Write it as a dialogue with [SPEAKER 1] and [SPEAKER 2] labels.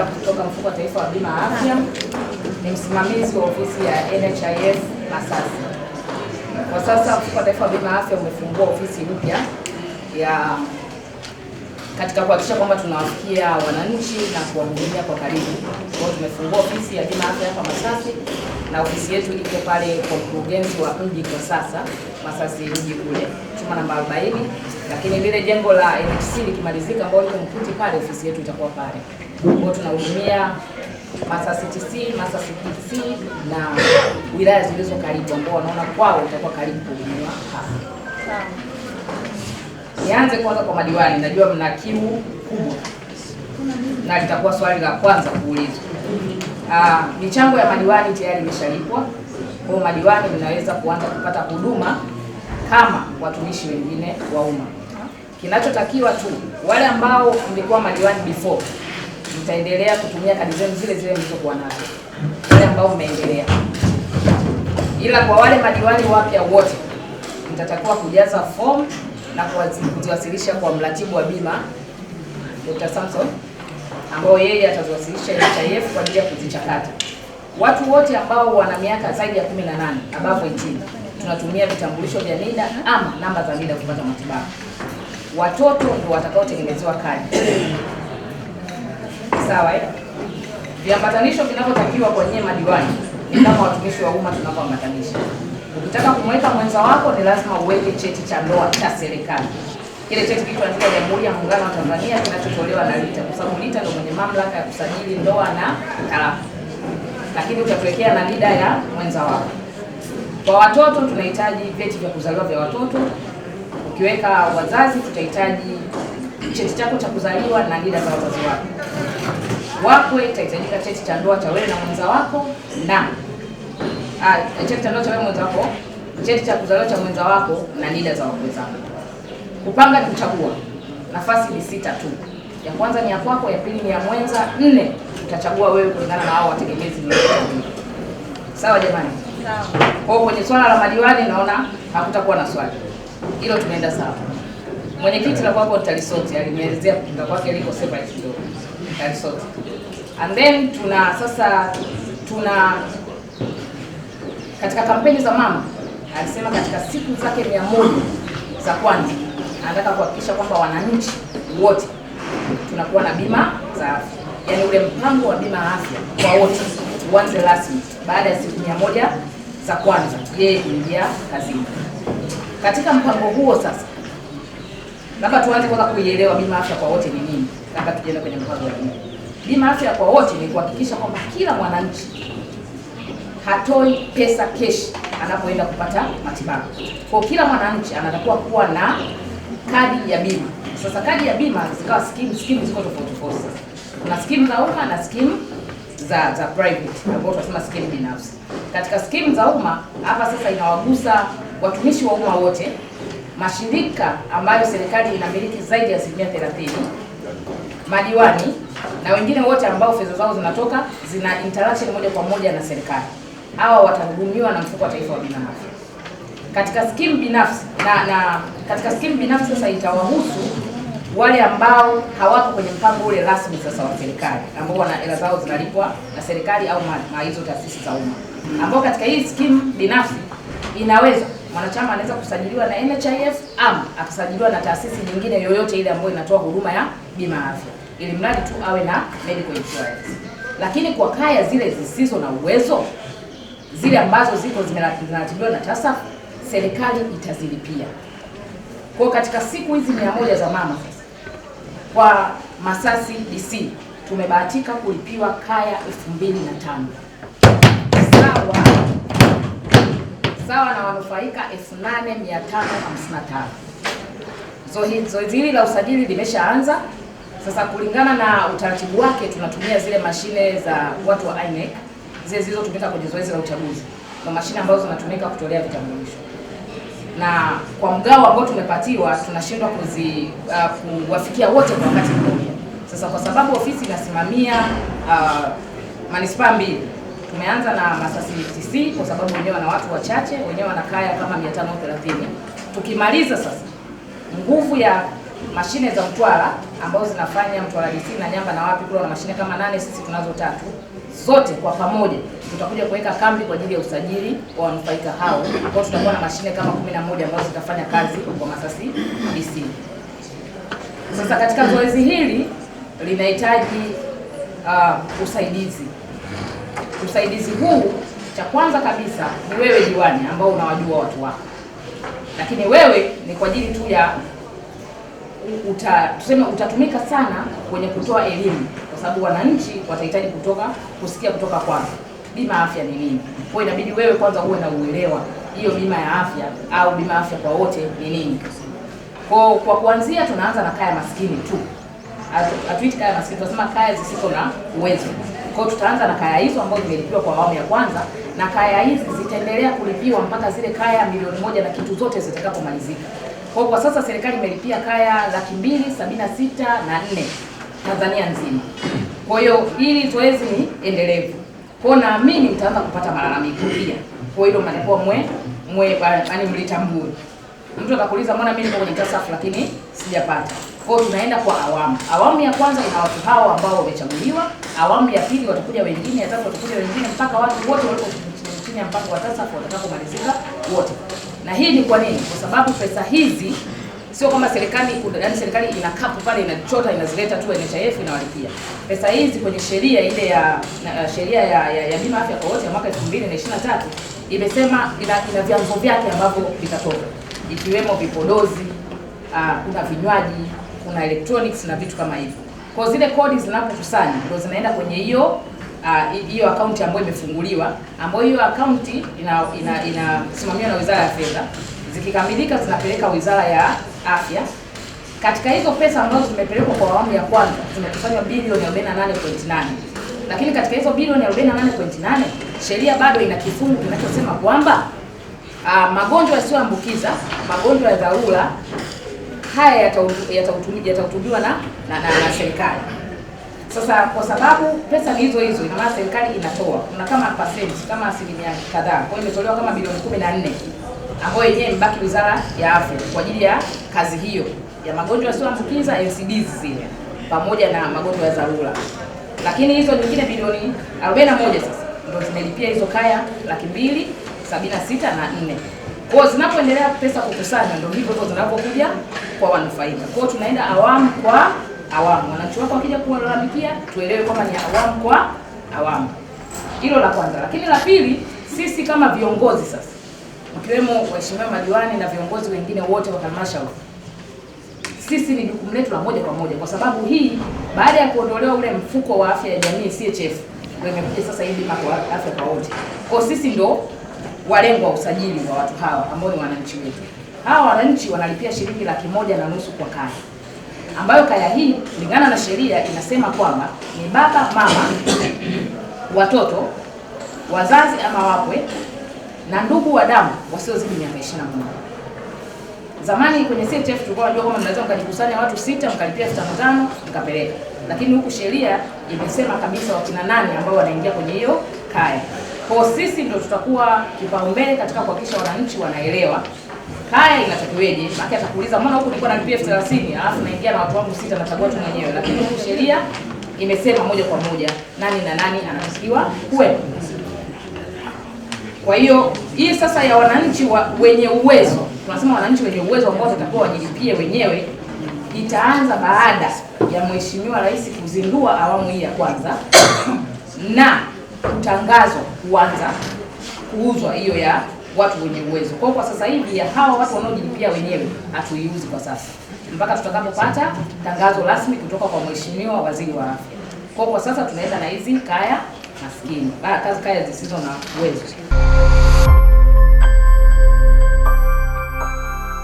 [SPEAKER 1] afisa kutoka mfuko wa taifa wa bima afya, ni msimamizi wa ofisi ya NHIF Masasi. Kwa sasa mfuko wa taifa wa bima afya umefungua ofisi mpya ya katika kuhakikisha kwamba tunawafikia wananchi na kuwahudumia kwa karibu. Kwa hiyo tumefungua ofisi ya bima afya hapa Masasi na ofisi yetu iko pale kwa mkurugenzi wa mji kwa sasa Masasi mji kule chuma namba 40, lakini lile jengo la NHC likimalizika, ambao liko Mkuti pale, ofisi yetu itakuwa pale ambao tunahudumia Masasi TC, Masasi TC na wilaya zilizo karibu, ambao wanaona kwao itakuwa karibu kuhudumiwa hapa. Nianze kwanza kwa madiwani, najua mna kiu kubwa na litakuwa swali la kwanza kuulizwa. Ah, michango ya madiwani tayari imeshalipwa, kwa madiwani mnaweza kuanza kupata huduma kama watumishi wengine wa umma. Kinachotakiwa tu wale ambao mlikuwa madiwani before mtaendelea kutumia kadi zenu zile zile mlizokuwa nazo, ile ambao mmeendelea. Ila kwa wale madiwani wapya wote mtatakiwa kujaza form na kuziwasilisha kwa mratibu wa bima Dr. Samson, ambao yeye ataziwasilisha NHIF kwa ajili ya kuzichakata. Watu wote ambao wana miaka zaidi ya 18 above 18 tunatumia vitambulisho vya NIDA ama namba za NIDA kupata matibabu. Watoto ndio watakaotengenezewa kadi sawa eh? Viambatanisho vinavyotakiwa kwenye madiwani ni kama watumishi wa umma tunavyoambatanisha. Ukitaka kumweka mwenza wako ni lazima uweke cheti cha ndoa cha serikali. Kile cheti kiko Jamhuri ya Muungano wa Tanzania kinachotolewa na LITA kwa sababu LITA ndio mwenye mamlaka ya kusajili ndoa na talaka. Lakini utatuwekea na NIDA ya mwenza wako. Kwa watoto tunahitaji vyeti vya kuzaliwa vya watoto. Ukiweka wazazi tutahitaji cheti chako cha kuzaliwa na NIDA za wazazi wako wakwe, itahitajika cheti cha ndoa cha wewe na mwenza wako na ah, cheti cha ndoa cha wewe mwenza wako, cheti cha kuzaliwa cha mwenza wako na NIDA za wakwe zako. Kupanga ni kuchagua. Nafasi ni sita tu. Ya kwanza ni ya kwako, ya pili ni ya mwenza, nne utachagua wewe kulingana na hao wategemezi niliokuambia. Sawa jamani? Sawa. Kwa kwenye swala la madiwani naona hakutakuwa na swali. Hilo tunaenda sawa. Mwenyekiti la kwako nitalisoti, alinielezea kupinga kwake liko separate kidogo. Nitalisoti and then tuna sasa tuna katika kampeni za mama alisema katika siku zake mia moja za kwanza anataka kuhakikisha kwamba wananchi wote tunakuwa na bima za afya, yaani ule mpango wa bima ya afya kwa wote uanze rasmi baada ya siku mia moja za kwanza yeye kuingia kazini. Katika mpango huo sasa, labda tuanze kwanza kuielewa bima afya kwa wote ni nini, labda tujienda kwenye mpango wa bima Bima afya kwa wote ni kuhakikisha kwamba kila mwananchi hatoi pesa keshi anapoenda kupata matibabu. Kwa kila mwananchi anatakiwa kuwa na kadi ya bima. Sasa kadi ya bima zikawa skimu, skimu ziko tofauti tofauti. Sasa kuna skimu za umma na skimu za za private ambao tunasema skimu binafsi. Katika skimu za umma hapa sasa inawagusa watumishi wa umma wote, mashirika ambayo serikali inamiliki zaidi ya asilimia 30, madiwani na wengine wote ambao fedha zao zinatoka zina interaction moja kwa moja na serikali, hawa watahudumiwa na mfuko wa taifa wa bima afya katika skimu binafsi na, na katika skimu binafsi sasa itawahusu wale ambao hawako kwenye mpango ule rasmi sasa wa serikali ambao wana hela zao zinalipwa na serikali au ma hizo taasisi za umma, ambao katika hii skimu binafsi inaweza mwanachama anaweza kusajiliwa na NHIF ama akasajiliwa na taasisi nyingine yoyote ile ambayo inatoa huduma ya bima afya ili mradi tu awe na medical insurance. Lakini kwa kaya zile zisizo na uwezo, zile ambazo ziko zinaratibiwa na TASAF, serikali itazilipia. Kwa katika siku hizi mia moja za mama kwa Masasi DC tumebahatika kulipiwa kaya elfu mbili na tano sawa sawa na wanufaika 8555. Zoezi hili la usajili limeshaanza. Sasa kulingana na utaratibu wake tunatumia zile mashine za watu wa INEC zile zilizotumika kwenye zoezi la uchaguzi na mashine ambazo zinatumika kutolea vitambulisho, na kwa mgao ambao tumepatiwa tunashindwa kuzi uh, kuwafikia wote kwa wakati mmoja. Sasa kwa sababu ofisi inasimamia uh, manispaa mbili, tumeanza na Masasi TC kwa sababu wenyewe wana watu wachache, wenyewe wana kaya kama 530. Tukimaliza sasa nguvu ya mashine za mtwara ambazo zinafanya Mtwara DC na Nyamba na wapi kule na mashine kama nane, sisi tunazo tatu. Zote kwa pamoja tutakuja kuweka kambi kwa ajili ya usajili wa wanufaika hao, kwa tutakuwa na mashine kama 11 ambazo zitafanya kazi kwa Masasi DC. Sasa katika zoezi hili linahitaji uh, usaidizi. Usaidizi huu cha kwanza kabisa ni wewe diwani, ambao unawajua watu wako, lakini wewe ni kwa ajili tu ya uta, tuseme utatumika sana kwenye kutoa elimu, kwa sababu wananchi watahitaji kutoka kusikia kutoka kwako bima ya afya ni nini. Kwa inabidi wewe kwanza uwe na uelewa hiyo bima ya afya au bima ya afya kwa wote ni nini. Kwa kwa kuanzia tunaanza na kaya maskini tu, hatuiti kaya maskini, tunasema kaya zisizo na uwezo. Kwa tutaanza na kaya hizo ambazo zimelipiwa kwa awamu ya kwanza, na kaya hizi zitaendelea kulipiwa mpaka zile kaya milioni moja na kitu zote zitakapomalizika. Kwa hiyo kwa sasa serikali imelipia kaya laki mbili sabini na sita na nne Tanzania nzima. Kwa hiyo ili zoezi ni endelevu, kwa naamini mtaanza kupata malalamiko pia. Kwa hilo mlikuwa mwe mwe yaani mlitambue. Mtu atakuuliza mbona mimi niko kwenye TASAF lakini sijapata. Kwa hiyo tunaenda kwa awamu. Awamu ya kwanza ina watu hao ambao wamechaguliwa, awamu ya pili watakuja wengine, ya tatu watakuja wengine mpaka watu wote walipo chini ya mpango wa watakapomalizika wote na hii ni kwa nini? Kwa sababu pesa hizi sio kama serikali yaani serikali ina kapu pale inachota inazileta tu NHIF inawalipia. Pesa hizi kwenye sheria ile ya sheria ya, ya, ya bima afya kwa wote ya mwaka 2023 imesema ina, ina vyanzo vyake ambavyo vitatoka ikiwemo vipodozi, ah, kuna vinywaji, kuna electronics na vitu kama hivyo. Kwa zile kodi zinapokusanywa ndio zinaenda kwenye hiyo Uh, hiyo uh, akaunti ambayo imefunguliwa ambayo hiyo akaunti inasimamiwa ina, ina na Wizara ya Fedha. Zikikamilika zinapeleka Wizara ya Afya. Katika hizo pesa ambazo zimepelekwa kwa awamu ya kwanza zimekusanywa bilioni 48.8, lakini katika hizo bilioni 48.8 sheria bado ina kifungu kinachosema kwamba uh, magonjwa yasiyoambukiza, magonjwa ya dharura haya yatahutubiwa yata yata na, na, na, na serikali sasa kwa sababu pesa ni hizo hizo, ina maana serikali inatoa kuna kama percent kama asilimia kadhaa, kwa hiyo imetolewa kama bilioni 14 ambayo yenyewe imebaki Wizara ya Afya kwa ajili ya kazi hiyo ya magonjwa yasiyoambukiza NCDs zile pamoja na magonjwa ya dharura, lakini hizo nyingine bilioni 41 sasa ndio zimelipia hizo kaya laki mbili sabini na sita na nne. Kwa zinapoendelea pesa kukusanya, ndio hivyo hivyo zinapokuja kwa wanufaika. Kwa hiyo tunaenda awamu kwa awamu. Wananchi wako wakija kulalamikia, tuelewe kwamba ni awamu kwa awamu. Hilo la kwanza, lakini la pili, sisi kama viongozi sasa, mkiwemo waheshimiwa madiwani na viongozi wengine wote wa halmashauri, sisi ni jukumu letu la moja kwa moja, kwa sababu hii baada ya kuondolewa ule mfuko wa afya ya jamii CHF ndio imekuja sasa hii bima kwa afya kwa wote. Kwa sisi ndo walengwa usajili wa watu hawa ambao ni wananchi wetu. Hawa wananchi wanalipia shilingi laki moja na nusu kwa kazi ambayo kaya hii kulingana na sheria inasema kwamba ni baba, mama, watoto, wazazi ama wakwe na ndugu wa damu wasiozidi miaka 21. Zamani kwenye CHF tulikuwa tunajua kwamba mnaweza mkajikusanya watu sita mkalipia elfu tano mkapeleka, lakini huku sheria imesema kabisa wakina nane ambao wanaingia kwenye hiyo kaya. Kwa sisi ndio tutakuwa kipaumbele katika kuhakikisha wananchi wanaelewa kaya inatakiweje? Maana atakuuliza mbona huko nilikuwa nalipia elfu thelathini alafu naingia na watu wangu sita nachagua tu mwenyewe, lakini sheria imesema moja kwa moja nani na nani anatakiwa kuwepo. Kwa hiyo hii sasa ya wananchi wa, wenye uwezo tunasema wananchi wenye uwezo ambao watakuwa wajilipie wenyewe itaanza baada ya Mheshimiwa Rais kuzindua awamu hii ya kwanza na kutangazwa kuanza kuuzwa hiyo ya watu wenye uwezo. Kwa kwa sasa hivi hawa watu wanaojilipia wenyewe hatuiuzi kwa sasa mpaka tutakapopata tangazo rasmi kutoka kwa Mheshimiwa Waziri wa Afya. Kwa kwa sasa tunaenda na hizi kaya maskini, ah, kaya zisizo na uwezo.